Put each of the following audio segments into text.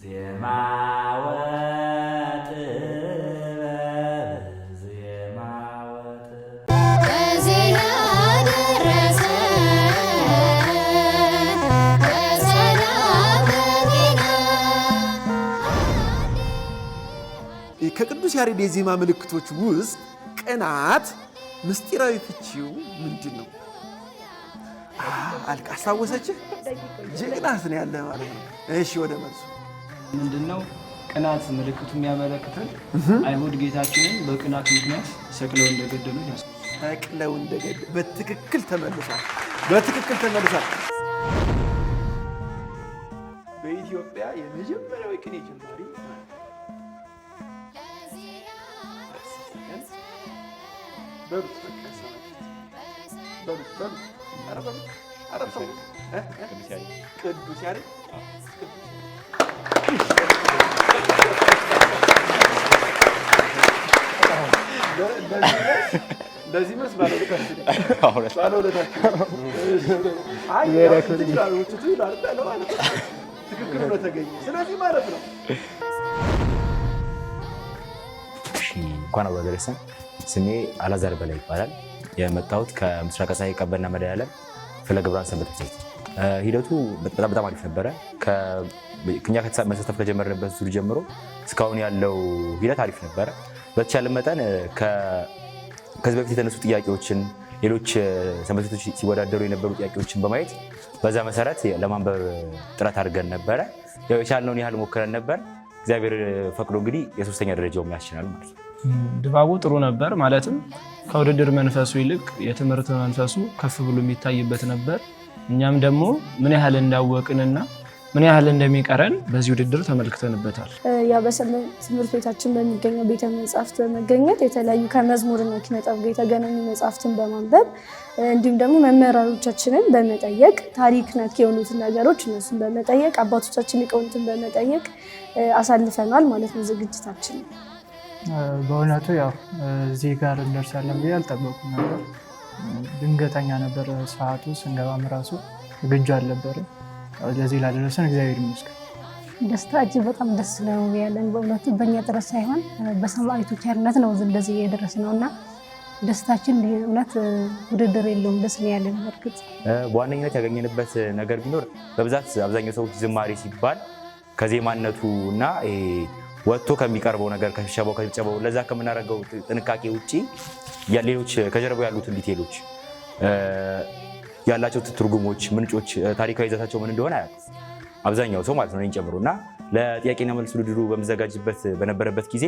ከቅዱስ ያሬድ የዜማ ምልክቶች ውስጥ ቅናት ምስጢራዊ ፍቺው ምንድን ነው? አልክ አስታወሰችህ? ጀግናት ነው ያለ ማለት ነው። እሺ ወደ መልሱ ምንድን ነው ቅናት ምልክቱ የሚያመለክትን አይሁድ ጌታችንን በቅናት ምክንያት ሰቅለው እንደገደሉ ሰቅለው እንደገደሉ በትክክል ተመልሷል። በትክክል ተመልሷል። በኢትዮጵያ የመጀመሪያው ቅኔ ጀማሪ በብት በብት በብት ቅዱስ ያሬድ እንደዚህ መስ ትክክል ነው ተገኘ። ስለዚህ ማለት ነው እንኳን አደረሰን። ስሜ አላዛር በላይ ይባላል። የመጣሁት ከምስራቅ ፀሐይ ቀበና መድኃኔዓለም ፍለገብርሃን ሰንበት ትምህርት ሂደቱ በጣም አሪፍ ነበረ። እኛ መሳተፍ ከጀመርንበት ዙር ጀምሮ እስካሁን ያለው ሂደት አሪፍ ነበረ። በተቻለ መጠን ከዚህ በፊት የተነሱ ጥያቄዎችን ሌሎች ተመልክቶች ሲወዳደሩ የነበሩ ጥያቄዎችን በማየት በዛ መሰረት ለማንበብ ጥረት አድርገን ነበረ። የቻልነውን ያህል ሞክረን ነበር። እግዚአብሔር ፈቅዶ እንግዲህ የሶስተኛ ደረጃውም ያስችላል ማለት ነው። ድባቡ ጥሩ ነበር። ማለትም ከውድድር መንፈሱ ይልቅ የትምህርት መንፈሱ ከፍ ብሎ የሚታይበት ነበር። እኛም ደግሞ ምን ያህል እንዳወቅንና ምን ያህል እንደሚቀረን በዚህ ውድድር ተመልክተንበታል። ያ በሰንበት ትምህርት ቤታችን በሚገኘው ቤተ መጽሐፍት በመገኘት የተለያዩ ከመዝሙርና ኪነጥበብ ጋር የተገናኙ መጽሐፍትን በማንበብ እንዲሁም ደግሞ መምህራኖቻችንን በመጠየቅ ታሪክ ነክ የሆኑትን ነገሮች እነሱን በመጠየቅ አባቶቻችን ሊቃውንትን በመጠየቅ አሳልፈናል ማለት ነው ዝግጅታችን። በእውነቱ ያው እዚህ ጋር እንደርሳለን ብዬ አልጠበቁም ነበር። ድንገተኛ ነበር ሰዓቱ። ስንገባም ራሱ ግጁ አልነበርም። ለዚህ ላደረሰን እግዚአብሔር ይመስገን። ደስታ እጅግ በጣም ደስ ነው ያለን። በእውነቱ በእኛ ጥረት ሳይሆን በሰማዕቱ ቸርነት ነው እንደዚህ የደረስ ነው እና ደስታችን እውነት ውድድር የለውም። ደስ ነው ያለን። በእርግጥ በዋነኝነት ያገኘንበት ነገር ቢኖር በብዛት አብዛኛው ሰዎች ዝማሬ ሲባል ከዜማነቱ እና ወጥቶ ከሚቀርበው ነገር ከሸበው ከጨበው ለዛ ከምናደርገው ጥንቃቄ ውጭ ሌሎች ከጀርባው ያሉትን ዲቴሎች ያላቸው ትርጉሞች፣ ምንጮች፣ ታሪካዊ ይዘታቸው ምን እንደሆነ አያውቅም አብዛኛው ሰው ማለት ነው እኔን ጨምሮ እና ለጥያቄና መልስ ውድድሩ በመዘጋጅበት በነበረበት ጊዜ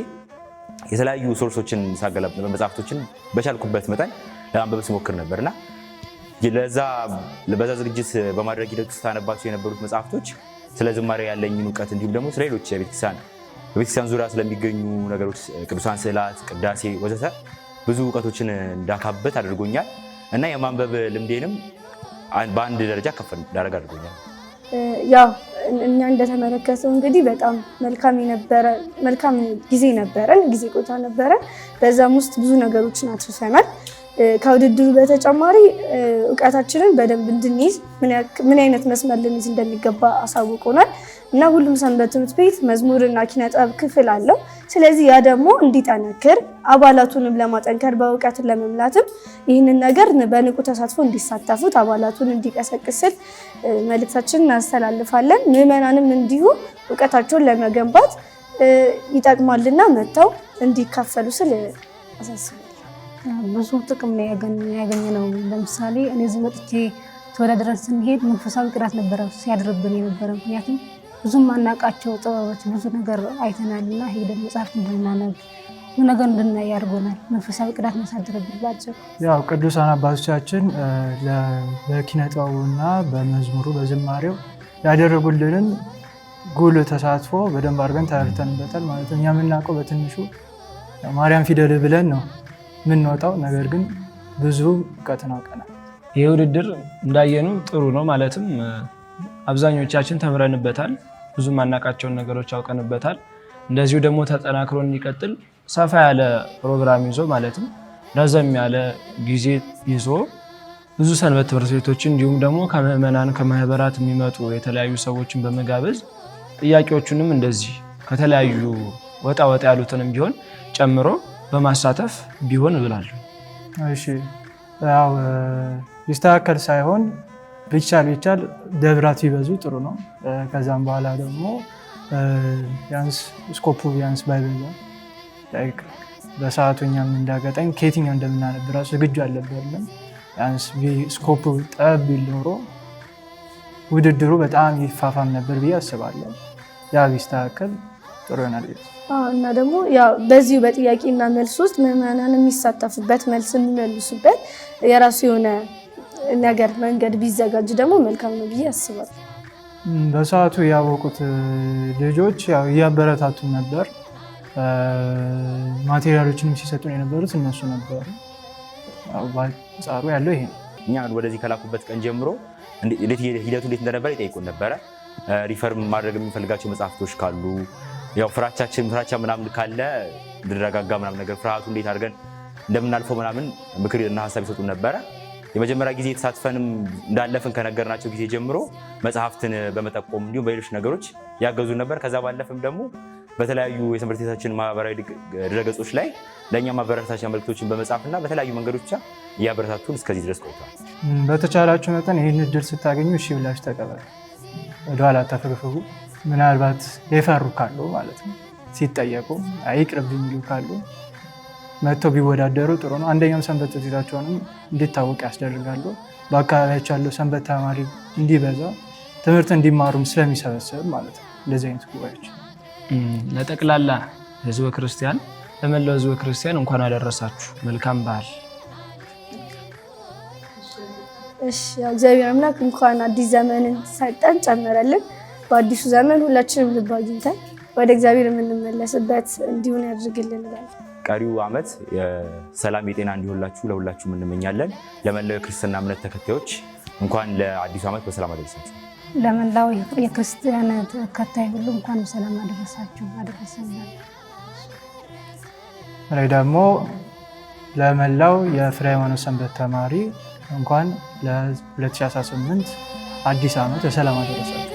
የተለያዩ ሶርሶችን ሳገላብ መጽሐፍቶችን በቻልኩበት መጠን ለማንበብ ስሞክር ነበር እና በዛ ዝግጅት በማድረግ ሂደት ስታነባቸው የነበሩት መጽሐፍቶች ስለ ዝማሬ ያለኝን እውቀት እንዲሁም ደግሞ ስለ ሌሎች ቤተክርስቲያን በቤተክርስቲያን ዙሪያ ስለሚገኙ ነገሮች ቅዱሳን ስዕላት፣ ቅዳሴ ወዘተ ብዙ እውቀቶችን እንዳካበት አድርጎኛል። እና የማንበብ ልምዴንም በአንድ ደረጃ ከፍ ዳረግ አድርጎኛል። ያው እኛ እንደተመለከተው እንግዲህ በጣም መልካም የነበረ መልካም ጊዜ ነበረን፣ ጊዜ ቆይታ ነበረን። በዛም ውስጥ ብዙ ነገሮችን አትርፈናል። ከውድድሩ በተጨማሪ እውቀታችንን በደንብ እንድንይዝ ምን አይነት መስመር ልንይዝ እንደሚገባ አሳውቆናል እና ሁሉም ሰንበት ትምህርት ቤት መዝሙርና ኪነ ክፍል አለው። ስለዚህ ያ ደግሞ እንዲጠነክር አባላቱንም ለማጠንከር በእውቀትን ለመምላትም ይህንን ነገር በንቁ ተሳትፎ እንዲሳተፉት አባላቱን እንዲቀሰቅስል መልእክታችንን እናስተላልፋለን። ምዕመናንም እንዲሁ እውቀታቸውን ለመገንባት ይጠቅማልና መጥተው እንዲካፈሉ ስል አሳስባል። ብዙ ጥቅም ያገኘ ነው። ለምሳሌ እኔ እዚህ መጥቼ ተወዳድረን ስንሄድ መንፈሳዊ ቅናት ነበረ ሲያድርብን የነበረ። ምክንያቱም ብዙም ማናቃቸው ጥበቦች ብዙ ነገር አይተናል እና ሄደን መጽሐፍት እንድናነብ ብዙ ነገር እንድናይ አድርጎናል። መንፈሳዊ ቅናት መሳደረብን ባጭር ያው ቅዱሳን አባቶቻችን በኪነ ጥበቡና በመዝሙሩ በዝማሬው ያደረጉልንን ጉል ተሳትፎ በደንብ አድርገን ተረድተንበታል። ማለት እኛ የምናውቀው በትንሹ ማርያም ፊደል ብለን ነው የምንወጣው። ነገር ግን ብዙ እውቀትን አውቀናል። ይህ ውድድር እንዳየኑ ጥሩ ነው። ማለትም አብዛኞቻችን ተምረንበታል፣ ብዙ ማናቃቸውን ነገሮች አውቀንበታል። እንደዚሁ ደግሞ ተጠናክሮ እንዲቀጥል ሰፋ ያለ ፕሮግራም ይዞ ማለትም ረዘም ያለ ጊዜ ይዞ ብዙ ሰንበት ትምህርት ቤቶች እንዲሁም ደግሞ ከምዕመናን ከማህበራት የሚመጡ የተለያዩ ሰዎችን በመጋበዝ ጥያቄዎቹንም እንደዚህ ከተለያዩ ወጣ ወጣ ያሉትንም ቢሆን ጨምሮ በማሳተፍ ቢሆን እላለሁ። እሺ ያው ሊስተካከል ሳይሆን ቢቻል ቢቻል ደብራት ይበዙ ጥሩ ነው። ከዛም በኋላ ደግሞ ቢያንስ ስኮፑ ቢያንስ ባይበዛ በሰዓቱ እኛም እንዳገጠኝ ከየትኛው እንደምናነብረ ዝግጁ አልነበርንም። ቢያንስ ስኮፑ ጠብ ቢል ኖሮ ውድድሩ በጣም ይፋፋም ነበር ብዬ አስባለሁ። ያ ቢስተካከል ጥሩ ይሆናል። እና ደግሞ ያው በዚሁ በጥያቄና መልስ ውስጥ ምዕመናን የሚሳተፉበት መልስ የሚመልሱበት የራሱ የሆነ ነገር መንገድ ቢዘጋጅ ደግሞ መልካም ነው ብዬ አስባለሁ። በሰዓቱ ያወቁት ልጆች ያው እያበረታቱ ነበር። ማቴሪያሎችንም ሲሰጡን የነበሩት እነሱ ነበሩ። ጻሩ ያለው ይሄ ነው። እኛ ወደዚህ ከላኩበት ቀን ጀምሮ ሂደቱ እንዴት እንደነበረ ይጠይቁን ነበረ። ሪፈር ማድረግ የሚፈልጋቸው መጽሐፍቶች ካሉ ያው ፍራቻችን ፍራቻ ምናምን ካለ እንድረጋጋ ምናምን ነገር ፍርሃቱ እንዴት አድርገን እንደምናልፈው ምናምን ምክር እና ሀሳብ ይሰጡን ነበረ። የመጀመሪያ ጊዜ የተሳትፈንም እንዳለፍን ከነገርናቸው ጊዜ ጀምሮ መጽሐፍትን በመጠቆም እንዲሁም በሌሎች ነገሮች ያገዙ ነበር። ከዛ ባለፍም ደግሞ በተለያዩ የትምህርት ቤታችን ማህበራዊ ድረገጾች ላይ ለእኛ ማበረታቻ መልክቶችን በመጻፍና በተለያዩ መንገዶች ብቻ እያበረታቱን እስከዚህ ድረስ ቆይቷል። በተቻላችሁ መጠን ይህን እድል ስታገኙ እሺ ብላችሁ ተቀበሉ። ወደኋላ አታፈገፈጉ። ምናልባት የፈሩ ካሉ ማለት ነው ሲጠየቁ ይቅርብ የሚሉ ካሉ መጥተው ቢወዳደሩ ጥሩ ነው። አንደኛም ሰንበት ውጤታቸውንም እንዲታወቅ ያስደርጋሉ። በአካባቢያቸው ያለው ሰንበት ተማሪ እንዲበዛ ትምህርት እንዲማሩም ስለሚሰበሰብ ማለት ነው። እንደዚህ አይነት ጉባኤዎች ለጠቅላላ ህዝበ ክርስቲያን ለመላው ህዝበ ክርስቲያን እንኳን አደረሳችሁ። መልካም በዓል። እሺ፣ እግዚአብሔር አምላክ እንኳን አዲስ ዘመንን ሰጠን ጨመረልን። በአዲሱ ዘመን ሁላችንም ልብ አግኝተን ወደ እግዚአብሔር የምንመለስበት እንዲሁን ያድርግልን ቀሪው ዓመት ሰላም የጤና እንዲሆንላችሁ ለሁላችሁም እንመኛለን። ለመላው የክርስትና እምነት ተከታዮች እንኳን ለአዲሱ ዓመት በሰላም አደረሳችሁ። ለመላው የክርስቲያን ተከታይ ሁሉ እንኳን በሰላም አደረሳችሁ አደረሰን። ላይ ደግሞ ለመላው የፍሬ ሃይማኖት ሰንበት ተማሪ እንኳን ለ2018 አዲስ ዓመት በሰላም አደረሳችሁ።